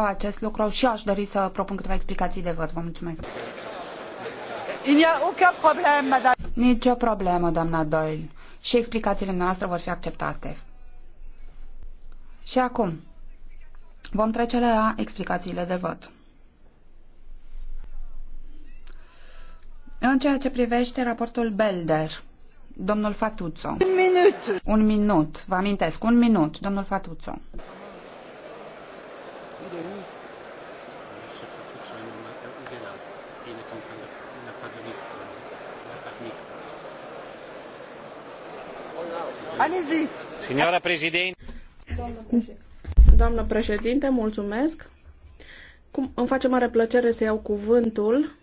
contemplăm acest lucru și aș dori să propun câteva explicații de vot. Vă mulțumesc. Nici o Nicio problemă, doamna Doyle. Și explicațiile noastre vor fi acceptate. Și acum, vom trece la explicațiile de vot. În ceea ce privește raportul Belder, domnul Fatuzzo. Un minut. Un minut, vă amintesc, un minut, domnul Fatuzzo. Signora Presidente. Doamnă președinte, mulțumesc. Cum, îmi face mare plăcere să iau cuvântul